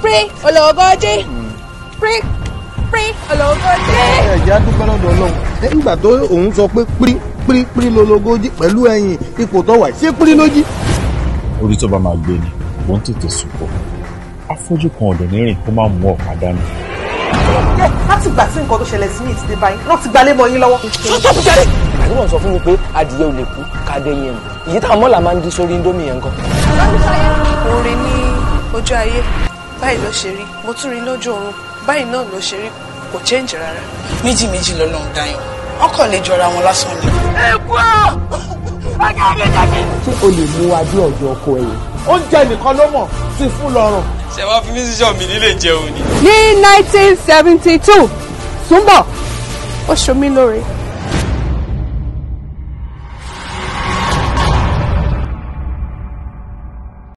pray ológójì pray pray ológójì. ẹ jẹ́ àdúgbò lọ́dọ̀ ọlọ́run nígbà tó òun sọ pé pírí pírí pírí lológójì pẹ̀lú ẹ̀yìn ipò tó wà ṣé pírí lójì. orí tó bá máa gbé ni mo ń tètè sùpọ̀ afọ́jú kan ọ̀dọ̀ nírìn kó má mú ọ̀pá dání. láti gbà sí nǹkan tó ṣẹlẹ̀ sí mi ti dé báyìí náà ti gbalé mọ́ yín lọ́wọ́. sọ́tọ̀ jẹ́rì. àbúrò ń sọ fún mi pé adìyẹ ò lè kú kádé yẹn mu èyí tá a mọ́ là máa ń dín sórí indomie yẹn gan. orin ní ojú ayé báyìí ló ṣe rí mo tún rí lójú oorun báyìí náà ló ṣe rí kò change rárá. méjì méjì lọ́lọ́run dáyọ̀ wọ́n kàn lè jọra wọn lásán ni. ẹ̀kú ọ̀ ọjà mi jáde. ṣé o lè mú wa bí ọjọ́ ọkọ ẹ yẹn. oúnjẹ nìkan ló mọ̀ sí fún lọ́rùn. ṣé wàá fi mí sísọ mi nílé jẹun ni. ní nineteen seventy two túnbọ̀ ó ṣomí lóore